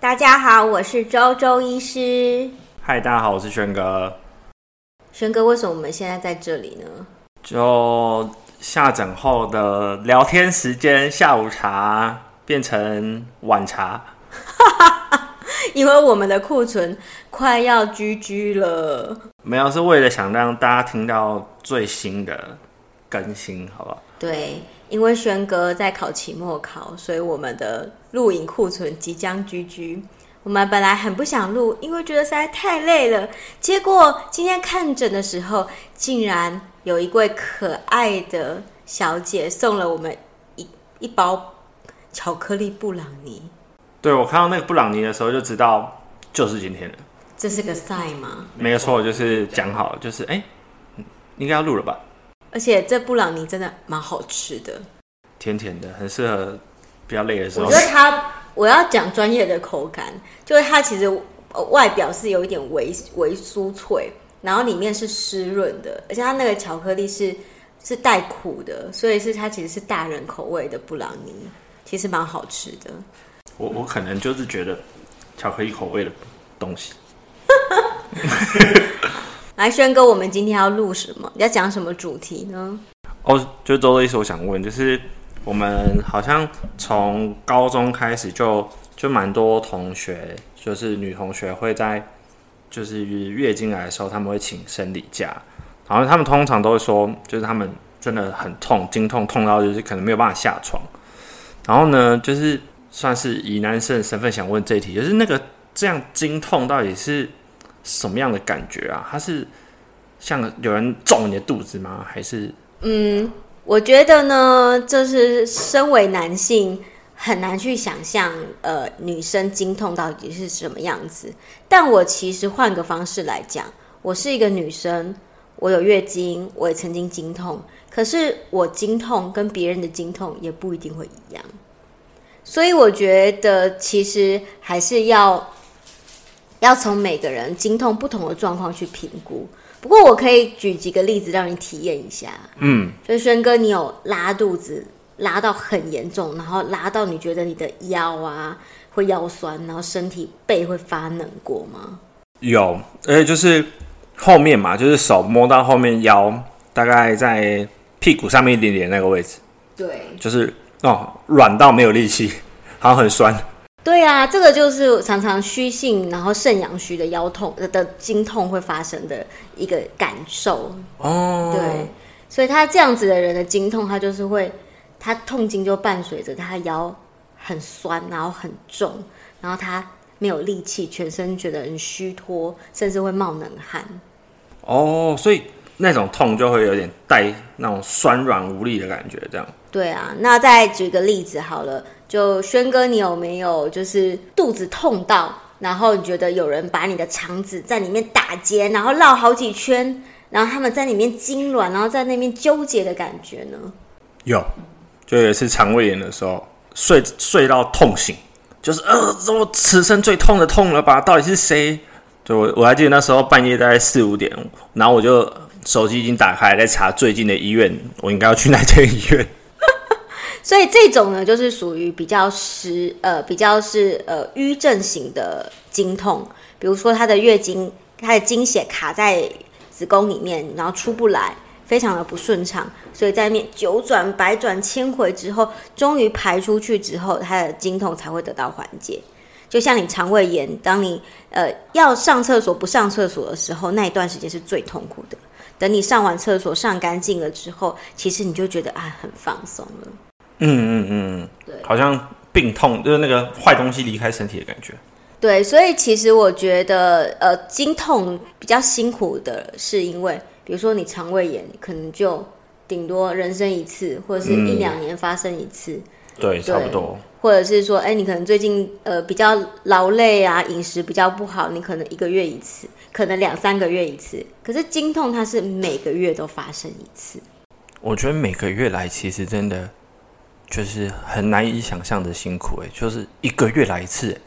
大家好，我是周周醫師。嗨，大家好，我是軒哥。軒哥，為什麼我們現在在這裡呢？就下診後的聊天時間，下午茶變成晚茶。 因為我們的庫存快要 GG 了。沒有，是為了想讓大家聽到最新的更新，好不好？對，因為軒哥在考期末考，所以我們的錄影庫存即將 GG。我們本來很不想錄，因為覺得實在太累了。結果今天看診的時候，竟然有一位可愛的小姐送了我們一一包巧克力布朗尼。對，我看到那個布朗尼的時候，就知道就是今天了。這是個賽嗎？沒有錯，就是講好，就是，哎、欸，應該要錄了吧？而且這布朗尼真的蠻好吃的，甜甜的，很適合比較累的時候。我覺得它我要講專業的口感，就是它其實外表是有一點微微酥脆，然後裡面是濕潤的，而且它那個巧克力是是帶苦的，所以是它其實是大人口味的布朗尼，其實蠻好吃的。我我可能就是覺得巧克力口味的東西。哈哈， 來軒哥，我們今天要錄什麼？你要講什麼主題呢？哦，oh, 就周的意思，我想問，就是我們好像從高中開始就就蠻多同學，就是女同學會在就是月經來的時候，他們會請生理假，然後他們通常都會說，就是他們真的很痛，經痛痛到就是可能沒有辦法下床。然後呢，就是算是以男生的身份想問這題，就是那個這樣經痛到底是？什麼樣的感覺啊？它是像有人撞你的肚子嗎？還是嗯，我覺得呢，就是身為男性很難去想象，呃，女生經痛到底是什麼樣子。但我其實換個方式來講，我是一個女生，我有月經，我也曾經經痛。可是我經痛跟別人的經痛也不一定會一樣，所以我覺得其實還是要。要從每個人經痛不同的狀況去評估，不過我可以舉幾個例子讓你體驗一下。嗯，所以軒哥，你有拉肚子拉到很嚴重，然後拉到你覺得你的腰啊會腰酸，然後身體背會發冷過嗎？有，而、欸、且就是後面嘛，就是手摸到後面腰，大概在屁股上面一點點那個位置。對，就是哦，軟到沒有力氣，好像很酸。對啊，這個就是常常虛性，然後腎陽虛的腰痛的經痛會發生的一個感受哦。Oh. 對，所以他這樣子的人的經痛，他就是會他痛經就伴隨着他腰很酸，然後很重，然後他沒有力氣，全身覺得很虛脫，甚至會冒冷汗。哦，oh, 所以那種痛就會有點帶那種酸軟無力的感覺，這樣。對啊，那再舉個例子好了。就軒哥，你有沒有就是肚子痛到，然後你覺得有人把你的腸子在裡面打結，然後繞好幾圈，然後他們在裡面痙攣，然後在那邊糾結的感覺呢？有，就也是腸胃炎的時候，睡睡到痛醒，就是呃，這、呃、我、呃、此生最痛的痛了吧？到底是誰？就我我還記得那時候半夜大概四五點，然後我就手機已經打開來在查最近的醫院，我應該要去哪間醫院？所以這種呢，就是屬於比較濕，呃，比較是呃瘀症型的經痛。比如說，她的月經，她的經血卡在子宮裡面，然後出不來，非常的不順暢。所以在面九轉百轉千回之後，終於排出去之後，她的經痛才會得到緩解。就像你腸胃炎，當你呃要上廁所不上廁所的時候，那一段時間是最痛苦的。等你上完廁所上乾淨了之後，其實你就覺得啊，很放鬆了。嗯嗯嗯，對，好像病痛就是那個壞東西離開身體的感覺。對，所以其實我覺得，呃，經痛比較辛苦的是因為，比如說你腸胃炎，你可能就頂多人生一次，或者是一兩年發生一次。嗯、對，對，差不多。或者是說，哎，你可能最近呃比較勞累啊，飲食比較不好，你可能一個月一次，可能兩三個月一次。可是經痛它是每個月都發生一次。我覺得每個月來其實真的。就是很難以想象的辛苦誒、欸，就是一個月來一次，欸，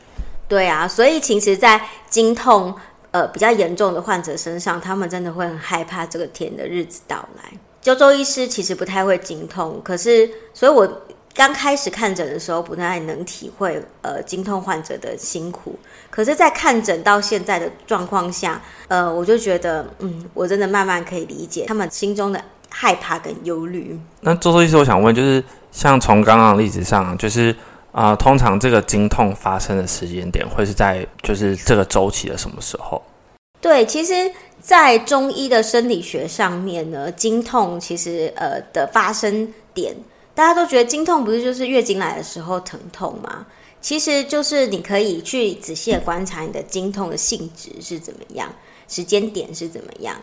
對啊，所以其實在，在經痛呃比較嚴重的患者身上，他們真的會很害怕這個天的日子到來。周周醫師其實不太會經痛，可是，所以我剛開始看診的時候不太能體會呃經痛患者的辛苦，可是，在看診到現在的狀況下，呃，我就覺得嗯，我真的慢慢可以理解他們心中的。害怕跟憂慮。嗯、那周周醫師，我想問，就是像從剛剛例子上，就是啊、呃，通常這個經痛發生的時間點會是在就是這個週期的什麼時候？對，其實，在中醫的生理學上面呢，經痛其實呃的發生點，大家都覺得經痛不是就是月經來的時候疼痛嗎？其實，就是你可以去仔細的觀察你的經痛的性質是怎麼樣，嗯、時間點是怎麼樣。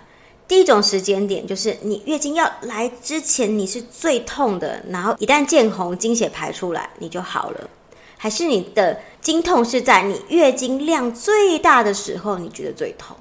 第一種時間點就是你月經要來之前，你是最痛的，然後一旦見紅，經血排出來，你就好了。還是你的經痛是在你月經量最大的時候，你覺得最痛。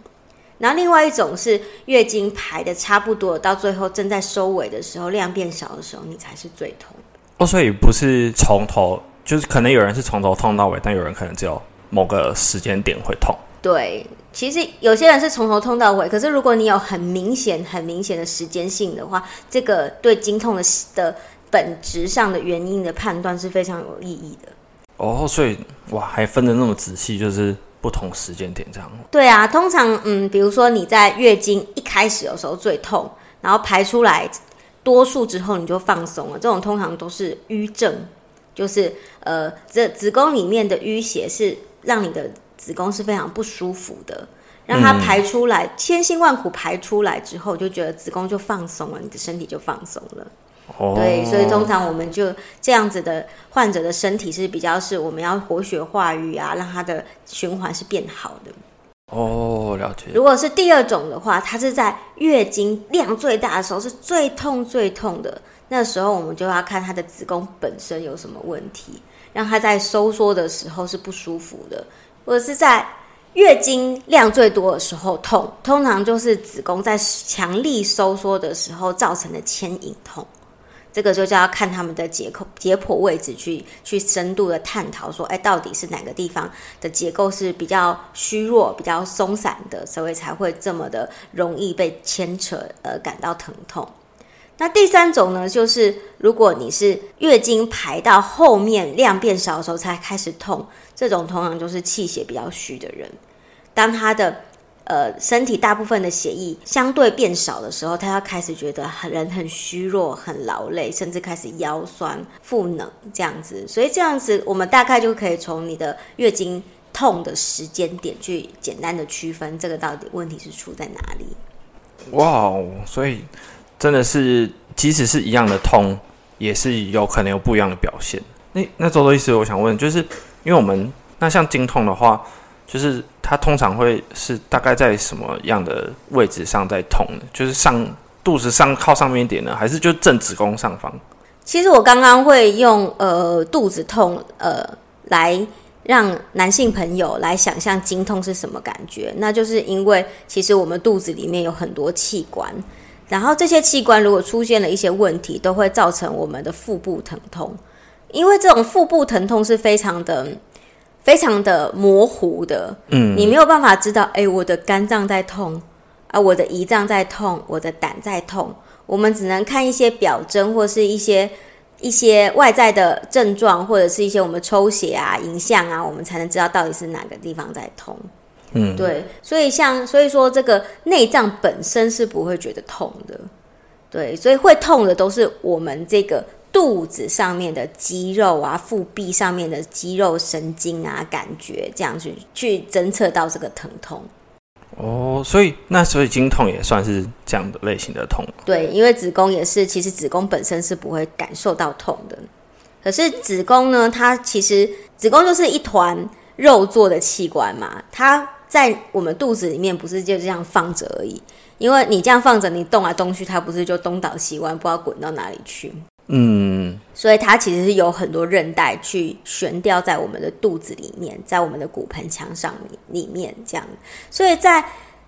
然後另外一種是月經排的差不多，到最後正在收尾的時候，量變少的時候，你才是最痛。哦，所以不是從頭，就是可能有人是從頭痛到尾，但有人可能只有某個時間點會痛。對。其實有些人是從頭痛到尾，可是如果你有很明顯、很明顯的時間性的話，這個對經痛的的本質上的原因的判斷是非常有意義的。哦，oh, 所以哇，還分得那麼仔細，就是不同時間點這樣。對啊，通常嗯，比如說你在月經一開始的時候最痛，然後排出來多數之後你就放鬆了，這種通常都是瘀症，就是呃，這子宮裡面的淤血是讓你的。子宮是非常不舒服的，讓它排出來，嗯、千辛萬苦排出來之後，就覺得子宮就放鬆了，你的身體就放鬆了。哦、對，所以通常我們就這樣子的患者的身體是比較是我們要活血化瘀啊，讓他的循環是變好的。哦，了解。如果是第二種的話，它是在月經量最大的時候是最痛最痛的，那時候我們就要看他的子宮本身有什麼問題，讓他在收縮的時候是不舒服的。或者是在月經量最多的時候痛，通常就是子宮在強力收縮的時候造成的牽引痛。這個就就要看他們的結構解剖位置去，去去深度的探討說，說哎，到底是哪個地方的結構是比較虛弱、比較鬆散的，所以才會這麼的容易被牽扯而，呃、感到疼痛。那第三種呢，就是如果你是月經排到後面量變少的時候才開始痛。這種通常就是氣血比較虛的人，當他的呃身體大部分的血液相對變少的時候，他要開始覺得人很虛弱、很勞累，甚至開始腰酸、腹冷這樣子。所以這樣子，我們大概就可以從你的月經痛的時間點去簡單的區分，這個到底問題是出在哪裡。哇，wow, 所以真的是，即使是一樣的痛，也是有可能有不一樣的表現。那、欸、那周周醫師，我想問就是。因為我們那像經痛的話，就是它通常會是大概在什麼樣的位置上在痛呢？就是上肚子上靠上面一點呢，還是就正子宮上方？其實我剛剛會用呃肚子痛呃來讓男性朋友來想象經痛是什麼感覺，那就是因為其實我們肚子裡面有很多器官，然後這些器官如果出現了一些問題，都會造成我們的腹部疼痛。因為這種腹部疼痛是非常的、非常的模糊的，嗯，你沒有辦法知道，誒，我的肝臟在痛，啊，我的胰臟在痛，我的膽在痛，我們只能看一些表徵或者是一些一些外在的症狀，或者是一些我們抽血啊、影像啊，我們才能知道到底是哪個地方在痛，嗯，對，所以像所以說，這個內臟本身是不會覺得痛的，對，所以會痛的都是我們這個。肚子上面的肌肉啊，腹壁上面的肌肉、神經啊，感覺這樣去去偵測到這個疼痛。哦，oh, 所以那所以經痛也算是這樣的類型的痛啊。對，因為子宮也是，其實子宮本身是不會感受到痛的。可是子宮呢，它其實子宮就是一團肉做的器官嘛，它在我們肚子裡面不是就這樣放着而已。因為你這樣放着，你動來動去，它不是就東倒西歪，不知道滾到哪裡去。嗯，所以它其實是有很多韌帶去懸吊在我們的肚子裡面，在我們的骨盆腔上面裡面這樣。所以在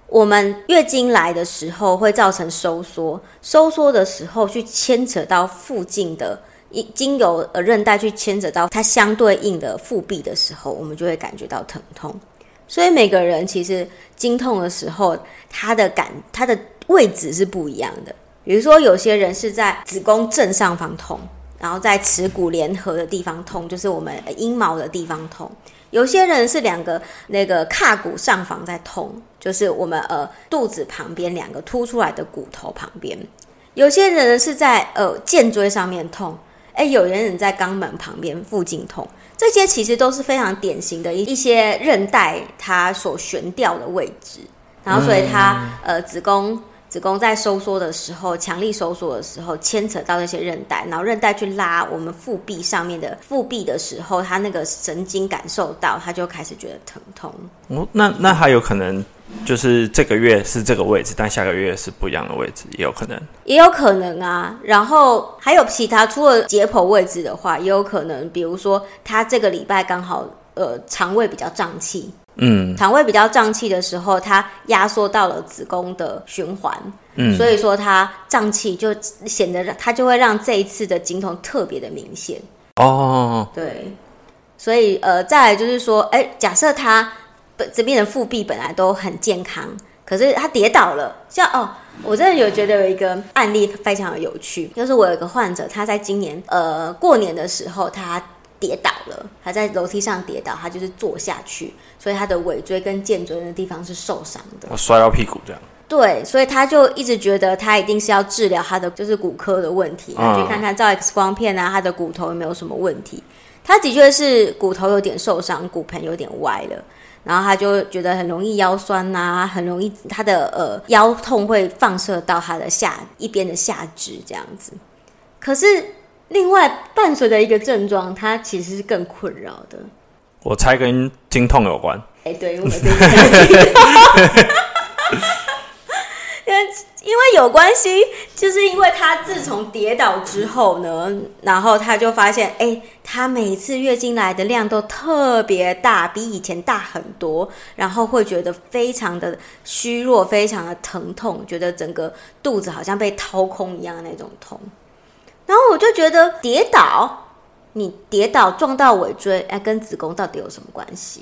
我們月經來的時候會造成收縮，收縮的時候去牽扯到附近的一經由呃韌帶去牽扯到它相對應的腹壁的時候，我們就會感覺到疼痛。所以每個人其實經痛的時候，它的感它的位置是不一樣的。比如說，有些人是在子宮正上方痛，然後在恥骨聯合的地方痛，就是我們陰毛的地方痛；有些人是兩個那個胯骨上方在痛，就是我們呃肚子旁邊兩個凸出來的骨頭旁邊；有些人是在呃薦椎上面痛，哎，有些人在肛門旁邊附近痛。這些其實都是非常典型的一一些韌帶它所懸吊的位置，嗯、然後所以它、嗯、呃子宮。子宮在收縮的時候，強力收縮的時候，牽扯到那些韌帶，然後韌帶去拉我們腹壁上面的腹壁的時候，他那個神經感受到，他就開始覺得疼痛。哦，那那還有可能就是這個月是這個位置，但下個月是不一樣的位置，也有可能。也有可能啊，然後還有其他，除了解剖位置的話，也有可能，比如說他這個禮拜剛好呃腸胃比較脹氣。嗯，腸胃比較脹氣的時候，它壓縮到了子宮的循環，嗯，所以說它脹氣就顯得它就會讓這一次的經痛特別的明顯哦。對，所以呃，再來就是說，哎、欸，假設他這邊的腹壁本來都很健康，可是他跌倒了，像哦，我真的有覺得有一個案例非常有趣，就是我有一個患者，他在今年呃過年的時候他。跌倒了，他在樓梯上跌倒，他就是坐下去，所以他的尾椎跟薦椎的地方是受傷的。我摔到屁股這樣。對，所以他就一直覺得他一定是要治療他的，就是骨科的問題，嗯、去看看照 X 光片啊，他的骨頭有沒有什麼問題。他的確是骨頭有點受傷，骨盆有點歪了，然後他就覺得很容易腰酸吶、啊，很容易他的呃腰痛會放射到他的下一邊的下肢這樣子。可是。另外伴隨的一個症狀，它其實是更困擾的。我猜跟經痛有關。哎、欸，對， 因為有關係，就是因為他自從跌倒之後呢，然後他就發現，哎、欸，他每次月經來的量都特別大，比以前大很多，然後會覺得非常的虛弱，非常的疼痛，覺得整個肚子好像被掏空一樣那種痛。然後我就覺得跌倒，你跌倒撞到尾椎，哎，跟子宮到底有什麼關係？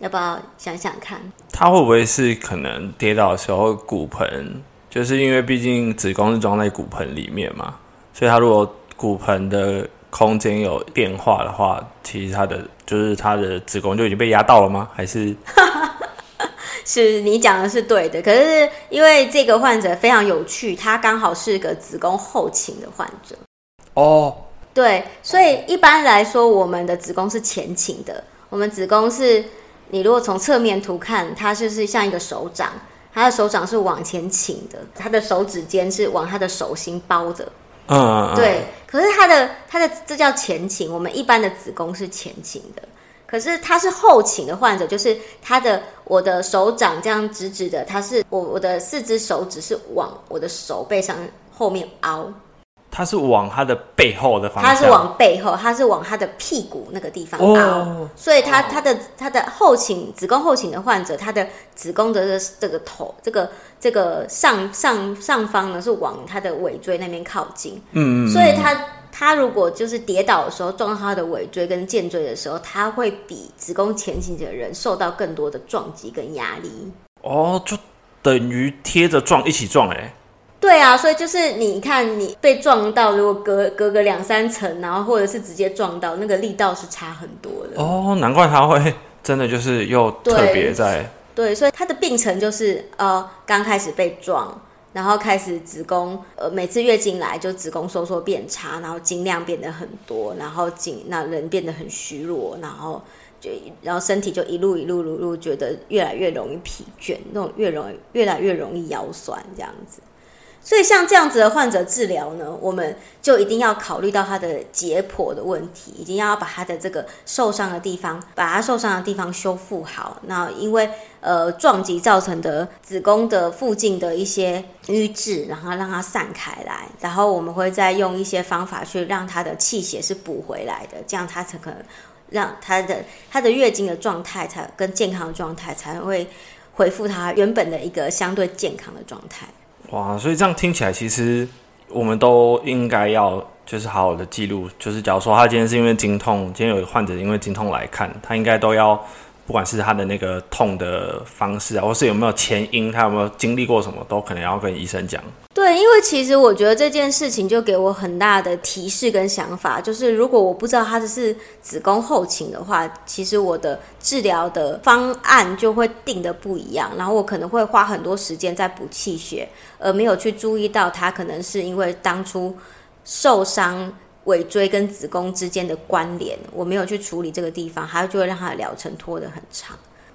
要不要想想看？他會不會是可能跌倒的時候骨盆，就是因為畢竟子宮是裝在骨盆裡面嘛，所以他如果骨盆的空間有變化的話，其實他的就是他的子宮就已經被壓到了嗎？還是？ 是你講的是對的，可是因為這個患者非常有趣，他剛好是個子宮後傾的患者。哦，oh. 對，所以一般來說，我們的子宮是前傾的。我們子宮是你如果從側面圖看，它就是像一個手掌，它的手掌是往前傾的，它的手指尖是往它的手心包著。Oh. 對。可是它的它的這叫前傾，我們一般的子宮是前傾的。可是它是後傾的患者，就是他的我的手掌這樣直直的，他是我我的四隻手指是往我的手背上後面凹。它是往它的背後的方向，它是往背後，它是往它的屁股那個地方哦所以它他,、哦、他的他的後傾子宮後傾的患者，它的子宮的這個頭，這個這個上上上方呢是往它的尾椎那邊靠近。嗯所以它他,他如果就是跌倒的時候撞到它的尾椎跟薦椎的時候，它會比子宮前傾的人受到更多的撞擊跟壓力。哦，就等於貼着撞一起撞誒、欸。對啊，所以就是你看，你被撞到，如果隔隔個兩三層，然後或者是直接撞到，那個力道是差很多的。哦，難怪他會真的就是又特別在。對，對，所以他的病程就是呃，剛開始被撞，然後開始子宮呃，每次月經來就子宮收縮變差，然後經量變得很多，然後經，那人變得很虛弱，然後就，然後身體就一路一路一路，路覺得越來越容易疲倦，那種越容易越來越容易腰痠這樣子。所以像這樣子的患者治療呢，我們就一定要考慮到他的解剖的問題，一定要把他的這個受傷的地方，把他受傷的地方修復好。那因為呃撞擊造成的子宮的附近的一些瘀滯，然後讓它散開來，然後我們會再用一些方法去讓他的氣血是補回來的，這樣他才可能讓他的他的月經的狀態才跟健康的狀態才會恢復他原本的一個相對健康的狀態。哇，所以這樣聽起來，其實我們都應該要就是好好的記錄。就是假如說他今天是因為經痛，今天有患者因為經痛來看，他應該都要。不管是他的那個痛的方式啊，或是有沒有前因，他有沒有經歷過什麼，都可能要跟醫生講。對，因為其實我覺得這件事情就給我很大的提示跟想法，就是如果我不知道他是子宮後傾的話，其實我的治療的方案就會定得不一樣，然後我可能會花很多時間在補氣血，而沒有去注意到他可能是因為當初受傷。尾椎跟子宮之間的關聯，我沒有去處理這個地方，它就會讓它的療程拖得很長。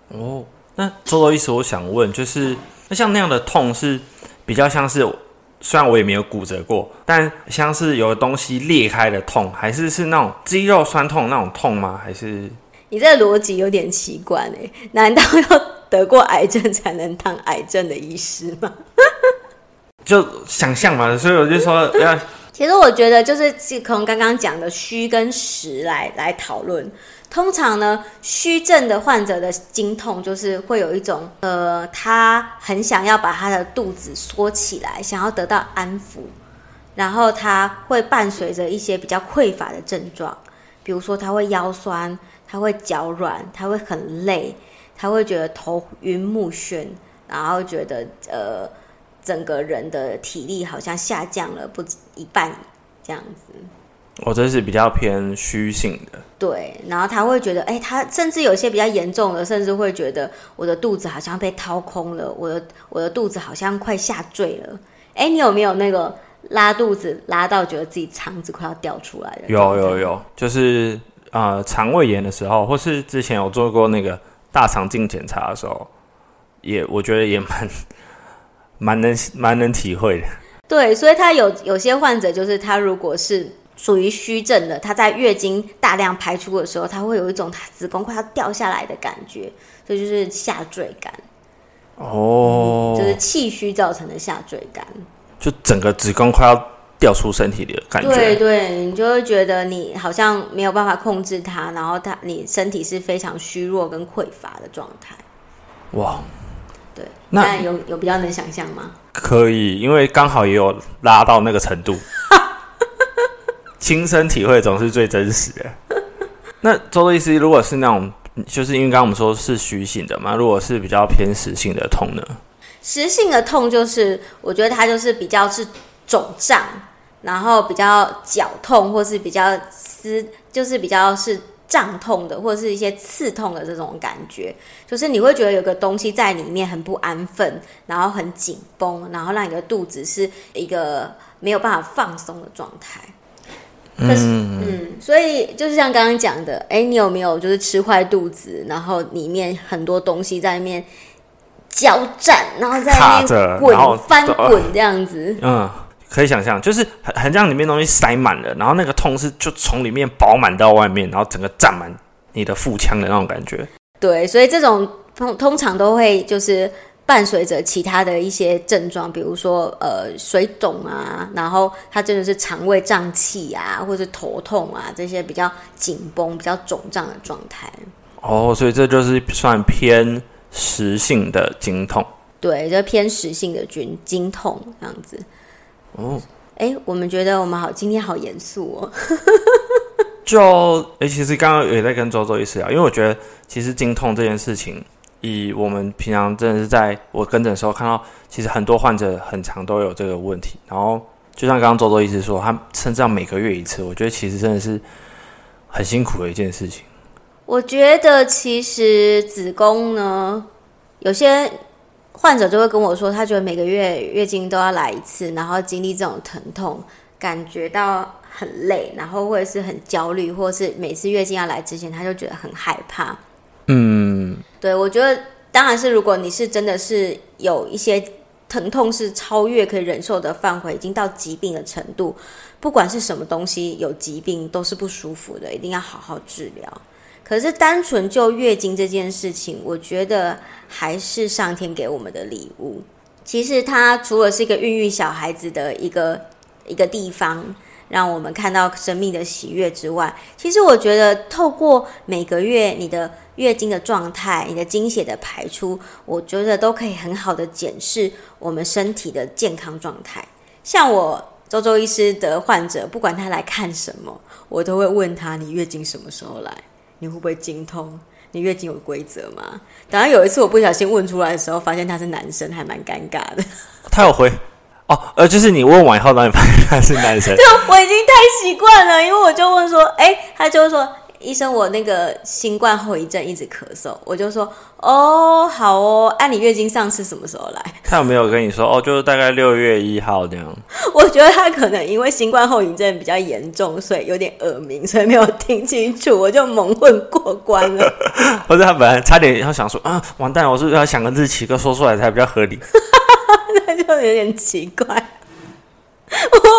哦，那周周醫師，我想問，就是那像那樣的痛，是比較像是雖然我也沒有骨折過，但像是有東西裂開的痛，還是是那種肌肉痠痛那種痛嗎？還是你這邏輯有點奇怪、欸、難道要得過癌症才能當癌症的醫師嗎？ 就想象嘛，所以我就說要。其實我覺得就是從剛剛講的虛跟實來來討論。通常呢，虛症的患者的經痛就是會有一種呃，他很想要把他的肚子縮起來，想要得到安撫，然後他會伴隨着一些比較匱乏的症狀，比如說他會腰痠，他會腳軟，他會很累，他會覺得頭暈目眩，然後覺得呃。整個人的體力好像下降了不止一半，這樣子。我真是比較偏虛性的。對，然後他會覺得，哎、欸，他甚至有些比較嚴重的，甚至會覺得我的肚子好像被掏空了，我的我的肚子好像快下墜了。哎、欸，你有沒有那個拉肚子拉到覺得自己腸子快要掉出來了？有有有，對就是呃腸胃炎的時候，或是之前有做過那個大腸鏡檢查的時候，也我覺得也蠻。 蠻能蠻能體會的，對，所以他有有些患者，就是他如果是屬於虛症的，他在月經大量排出的時候，他會有一種他子宮快要掉下來的感覺，這就，就是下墜感。哦、嗯，就是氣虛造成的下墜感，就整個子宮快要掉出身體的感覺。對，對，你就會覺得你好像沒有辦法控制它，然後它你身體是非常虛弱跟匱乏的狀態。哇。那有有比較能想象嗎？可以，因為剛好也有拉到那個程度，親 身體會總是最真實的。 那周周醫師，如果是那種，就是因為剛剛我們說是虛性的嘛，如果是比較偏實性的痛呢？實性的痛就是，我覺得它就是比較是腫脹，然後比較絞痛，或是比較濕，就是比較是。脹痛的，或者是一些刺痛的這種感覺，就是你會覺得有個東西在裡面很不安分，然後很緊繃，然後讓你的肚子是一個沒有辦法放鬆的狀態。可是嗯嗯，嗯，所以就是像剛剛講的，誒，你有沒有就是吃壞肚子，然後裡面很多東西在裡面交戰，然後在裡面滾翻滾這樣子，嗯可以想象，就是很很像裡面東西塞滿了，然後那個痛是就從裡面飽滿到外面，然後整個佔滿你的腹腔的那種感覺。對，所以這種通，通常都會就是伴隨着其他的一些症狀，比如說呃水腫啊，然後它真的是腸胃脹氣啊，或是頭痛啊，這些比較緊繃、比較腫脹的狀態。哦，oh, 所以這就是算偏實性的經痛。對，就是、偏實性的經、經痛這樣子。哦，哎、oh. 欸，我們覺得我們好今天好嚴肅哦。 就，哎、欸，其實剛剛也在跟周周醫師聊，因為我覺得其實經痛這件事情，以我們平常真的是在我跟診的時候看到，其實很多患者很常都有這個問題。然後，就像剛剛周周醫師說，他甚至要每個月一次，我覺得其實真的是很辛苦的一件事情。我覺得其實子宮呢，有些。患者就會跟我說，他覺得每個月月經都要來一次，然後經歷這種疼痛，感覺到很累，然後或者是很焦慮，或是每次月經要來之前，他就覺得很害怕。嗯，對，我覺得，當然是如果你是真的是有一些疼痛是超越可以忍受的範圍，已經到疾病的程度，不管是什麼東西，有疾病都是不舒服的，一定要好好治療。可是單純就月經這件事情，我覺得還是上天給我們的禮物。其實它除了是一個孕育小孩子的一個一個地方，讓我們看到生命的喜悅之外，其實我覺得透過每個月你的月經的狀態、你的經血的排出，我覺得都可以很好的檢視我們身體的健康狀態。像我周周醫師的患者，不管他來看什麼，我都會問他：你月經什麼時候來？你會不會經痛？你月經有規則嗎？當然有一次我不小心問出來的時候，發現他是男生，還蠻尷尬的。他有回哦，呃，就是你問完以後，然後發現他是男生，就 我已經太習慣了，因為我就問說，哎、欸，他就說。醫生，我那個新冠後遺症一直咳嗽，我就說哦，好哦，按你月經上次什麼時候來？他有沒有跟你說？哦，就是大概六月一號這樣。我覺得他可能因為新冠後遺症比較嚴重，所以有點耳鳴，所以沒有聽清楚，我就矇混過關了。不 是他本來差點要想說啊，完蛋了，我是不是要想個日期，就說出來才比較合理？ 那就有點奇怪。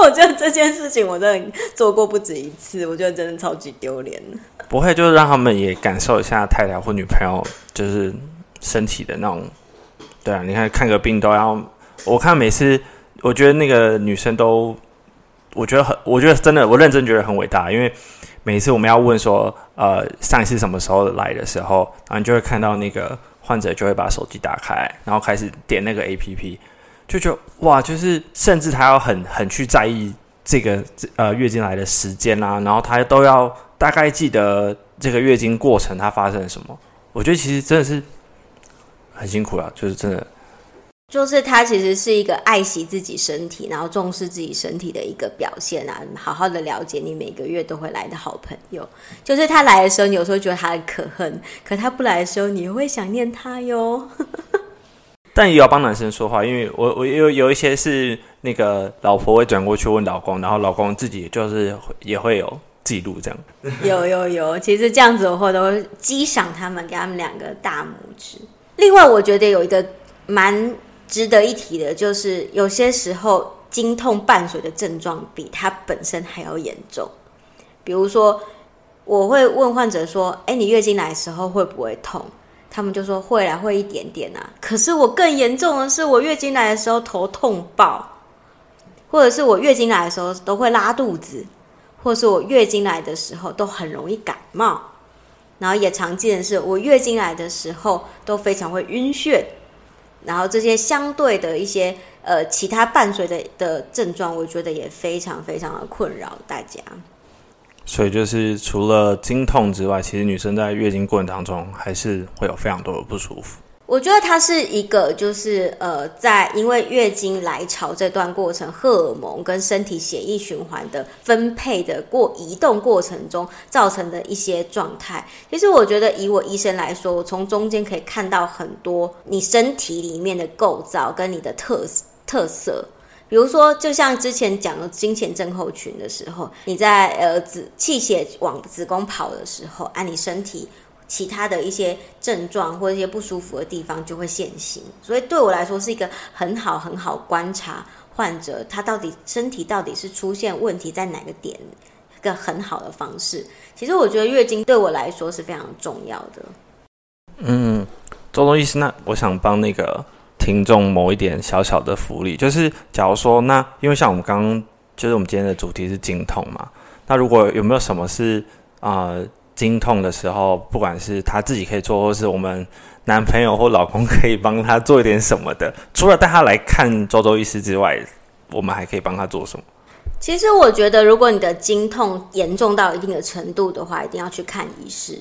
我覺得這件事情我真的做過不止一次，我覺得真的超級丟臉。不會，就是讓他們也感受一下太太或女朋友就是身體的那種。對啊，你看，看個病都要，我看每次，我覺得那個女生都，我覺得很，我覺得真的，我認真覺得很偉大，因為每次我們要問說，呃，上一次什麼時候來的時候，然後你就會看到那個患者就會把手機打開，然後開始點那個 APP。就覺得哇，就是甚至他要很很去在意這個呃，月經來的時間啊，然後他都要大概記得這個月經過程他發生了什麼。我覺得其實真的是很辛苦啊，就是真的。就是他其實是一個愛惜自己身體，然後重視自己身體的一個表現啊。好好的了解你每個月都會來的好朋友，就是他來的時候，你有時候覺得他很可恨；可他不來的時候，你會想念他喲。 但也要幫男生說話，因為我我有有一些是那個老婆會轉過去問老公，然後老公自己就是也會有記錄這樣。 有有有，其實這樣子我都會激賞他們，給他們兩個大拇指。另外，我覺得有一個蠻值得一提的，就是有些時候經痛伴隨的症狀比它本身還要嚴重。比如說，我會問患者說：“哎、欸，你月經來的時候會不會痛？”他們就說會來，會一點點啊。可是我更嚴重的是，我月經來的時候頭痛爆，或者是我月經來的時候都會拉肚子，或是我月經來的時候都很容易感冒。然後也常見的是，我月經來的時候都非常會暈眩。然後這些相對的一些呃其他伴隨的的症狀，我覺得也非常非常的困擾大家。所以就是除了經痛之外，其實女生在月經過程當中還是會有非常多的不舒服。我覺得它是一個就是呃，在因為月經來潮這段過程，荷爾蒙跟身體血液循環的分配的過移動過程中造成的一些狀態。其實我覺得以我醫生來說，我從中間可以看到很多你身體裡面的構造跟你的特特色。比如說，就像之前講的，經前症候群的時候，你在呃子氣血往子宮跑的時候，按、啊、你身體其他的一些症狀或者一些不舒服的地方就會現形。所以對我來說，是一個很好很好觀察患者他到底身體到底是出現問題在哪個點一個很好的方式。其實我覺得月經對我來說是非常重要的。嗯，周周醫師，那我想幫那個。聽眾某一點小小的福利，就是假如說，那因為像我們剛剛，就是我們今天的主題是經痛嘛，那如果有沒有什麼是啊經痛的時候，不管是他自己可以做，或是我們男朋友或老公可以幫他做一點什麼的，除了帶他來看周周醫師之外，我們還可以幫他做什麼？其實我覺得，如果你的經痛嚴重到一定的程度的話，一定要去看醫師，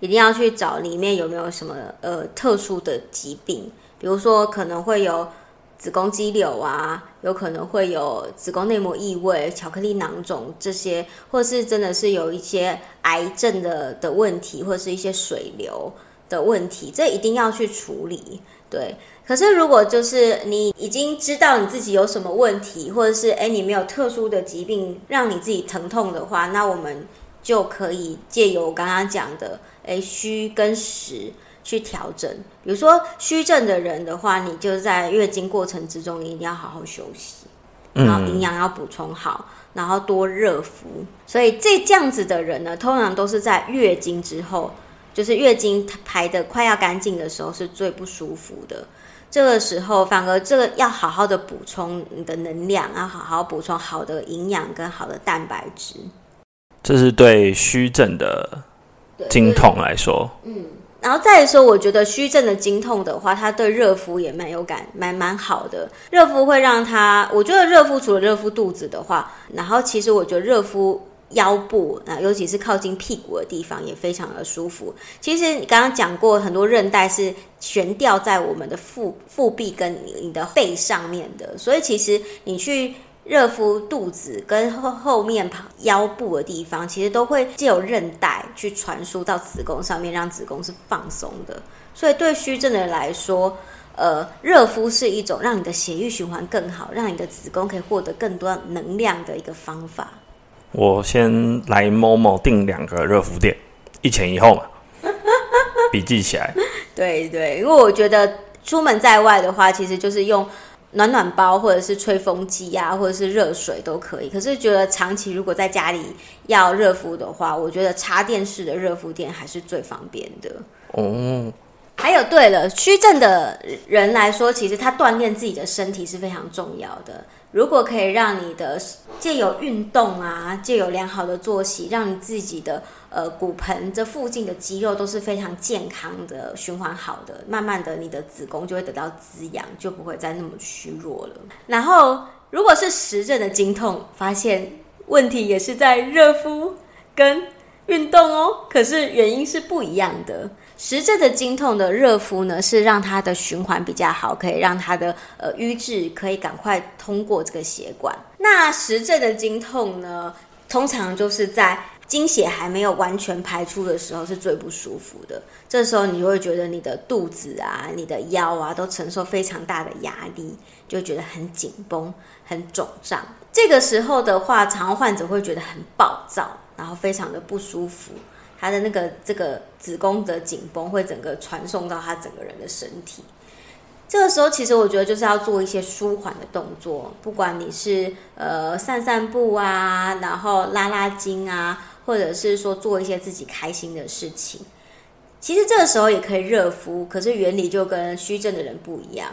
一定要去找裡面有沒有什麼呃特殊的疾病。比如說，可能會有子宮肌瘤啊，有可能會有子宮內膜異位、巧克力囊腫這些，或是真的是有一些癌症的的問題，或者是一些水流的問題，這一定要去處理。對，可是如果就是你已經知道你自己有什麼問題，或者是誒你沒有特殊的疾病讓你自己疼痛的話，那我們就可以借由我剛剛講的，誒虛跟實。去調整，比如說虛症的人的話，你就在月經過程之中一定要好好休息，嗯、然後營養要補充好，然後多熱敷。所以這樣子的人呢，通常都是在月經之後，就是月經排的快要乾淨的時候是最不舒服的。這個時候，反而這個要好好的補充你的能量，要好好補充好的營養跟好的蛋白質。這是對虛症的經痛來說，就是、嗯。然後再來說，我覺得虛症的經痛的話，它對熱敷也蠻有感，蠻蠻好的。熱敷會讓它，我覺得熱敷除了熱敷肚子的話，然後其實我覺得熱敷腰部，啊，尤其是靠近屁股的地方也非常的舒服。其實你剛剛講過，很多韌帶是懸吊在我們的腹腹壁跟你的背上面的，所以其實你去。熱敷肚子跟後後面旁腰部的地方，其實都會藉由韌帶去傳輸到子宮上面，讓子宮是放鬆的。所以對虛症的人來說，呃，熱敷是一種讓你的血液循環更好，讓你的子宮可以獲得更多能量的一個方法。我先來某某訂兩個熱敷墊，一前一後嘛，筆 記起來。對對，因為我覺得出門在外的話，其實就是用。暖暖包或者是吹風機啊，或者是熱水都可以。可是覺得長期如果在家裡要熱敷的話，我覺得插電式的熱敷墊還是最方便的。哦，oh. 還有，對了，虛症的人來說，其實他鍛鍊自己的身體是非常重要的。如果可以讓你的借由運動啊，借由良好的作息，讓你自己的呃骨盆這附近的肌肉都是非常健康的，循環好的，慢慢的你的子宮就會得到滋養，就不會再那麼虛弱了。然後如果是實證的經痛，發現問題也是在熱敷跟運動哦，可是原因是不一樣的。實證的經痛的熱敷呢，是讓它的循環比較好，可以讓它的呃瘀滯可以趕快通過這個血管。那實證的經痛呢，通常就是在經血還沒有完全排出的時候是最不舒服的。這時候你會覺得你的肚子啊、你的腰啊都承受非常大的壓力，就會覺得很緊繃、很腫脹。這個時候的話，常患者會覺得很暴躁，然後非常的不舒服。他的那個這個子宮的緊繃會整個傳送到他整個人的身體。這個時候，其實我覺得就是要做一些舒緩的動作，不管你是呃散散步啊，然後拉拉筋啊，或者是說做一些自己開心的事情。其實這個時候也可以熱敷，可是原理就跟虛症的人不一樣。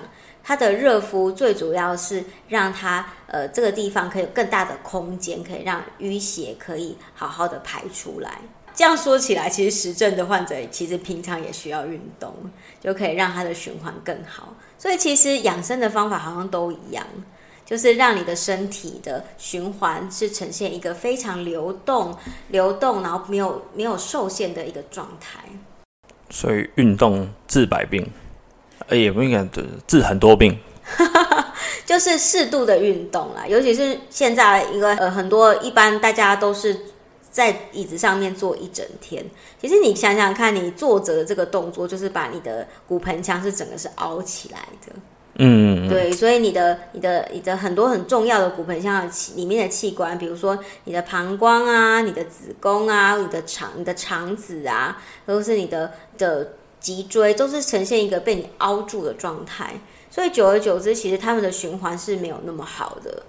它的熱敷最主要是讓它呃這個地方可以有更大的空間，可以讓淤血可以好好的排出來。這樣說起來，其實實證的患者其實平常也需要運動，就可以讓他的循環更好。所以其實養生的方法好像都一樣，就是讓你的身體的循環是呈現一個非常流動、流動，然後沒有沒有受限的一個狀態。所以運動治百病，哎，也不應該治很多病， 就是適度的運動啦。尤其是現在因為呃，很多一般大家都是。在椅子上面坐一整天，其實你想想看，你坐着的這個動作，就是把你的骨盆腔是整個是凹起來的。嗯對，所以你的、你的、你的很多很重要的骨盆腔的裡面的器官，比如說你的膀胱啊、你的子宮啊、你的腸、你的腸子啊，都是你的的脊椎，都是呈現一個被你凹住的狀態。所以久而久之，其實他們的循環是沒有那麼好的。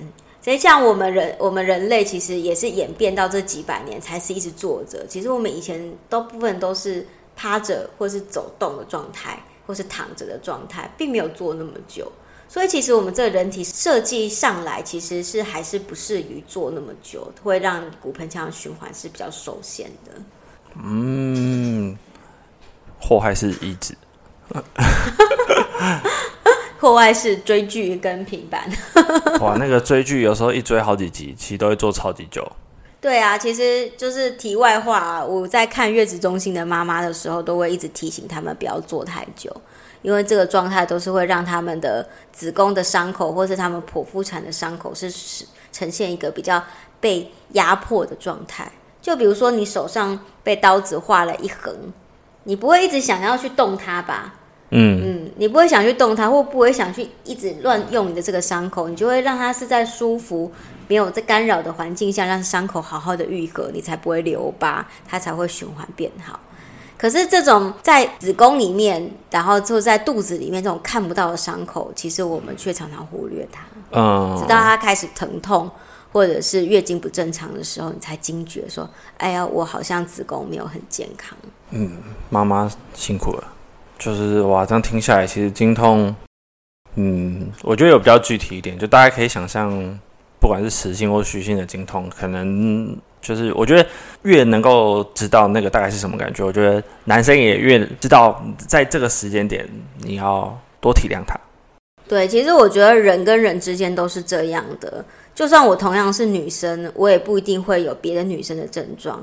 嗯。所以，像我們人，我們人類其實也是演變到這幾百年才是一直坐着。其實我們以前大部分都是趴着，或是走動的狀態，或是躺着的狀態，並沒有坐那麼久。所以，其實我們這個人體設計上來，其實是還是不適於坐那麼久，會讓骨盆腔循環是比較受限的。嗯，禍害是一直。 破壞式追劇跟平板， 哇，那個追劇有時候一追好幾集，其實都會坐超級久。對啊，其實就是題外話啊，我在看月子中心的媽媽的時候，都會一直提醒他們不要坐太久，因為這個狀態都是會讓他們的子宮的傷口，或是他們剖腹產的傷口是呈現一個比較被壓迫的狀態。就比如說你手上被刀子劃了一橫，你不會一直想要去動它吧？嗯嗯，你不會想去動它，或不會想去一直亂用你的這個傷口，你就會讓它是在舒服、沒有在干擾的環境下，讓傷口好好的愈合，你才不會留疤，它才會循環變好。可是這種在子宮裡面，然後就在肚子裡面這種看不到的傷口，其實我們卻常常忽略它，嗯，直到它開始疼痛，或者是月經不正常的時候，你才驚覺說：“哎呀，我好像子宮沒有很健康。”嗯，媽媽辛苦了。就是哇，這樣聽下來，其實經痛，嗯，我覺得有比較具體一點，就大家可以想象不管是實性或虛性的經痛，可能就是我覺得越能夠知道那個大概是什麼感覺，我覺得男生也越知道，在這個時間點你要多體諒他。對，其實我覺得人跟人之間都是這樣的，就算我同樣是女生，我也不一定會有別的女生的症狀，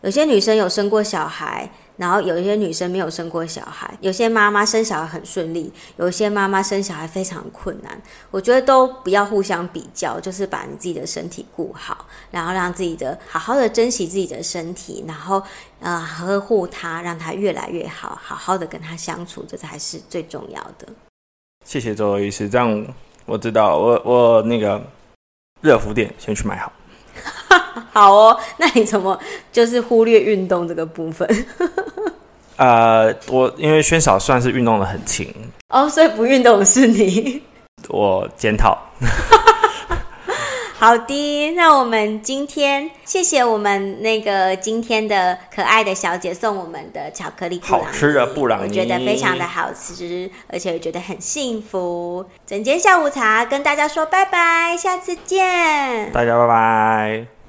有些女生有生過小孩。然後有一些女生沒有生過小孩，有些媽媽生小孩很順利，有些媽媽生小孩非常困難。我覺得都不要互相比較，就是把你自己的身體顧好，然後讓自己的好好的珍惜自己的身體，然後呃呵護它，讓它越來越好，好好的跟它相處，這才是最重要的。謝謝周周醫師，這樣我知道，我我那個熱敷墊先去買好。好哦，那你怎麼就是忽略運動這個部分？ 呃，我因為萱嫂算是運動得很勤哦，oh, 所以不運動是你。我檢監討。 好的，那我們今天謝謝我們那個今天的可愛的小姐送我們的巧克力好吃啊！布朗尼，我覺得非常的好吃， 而且覺得很幸福。診間下午茶跟大家說拜拜，下次見，大家拜拜。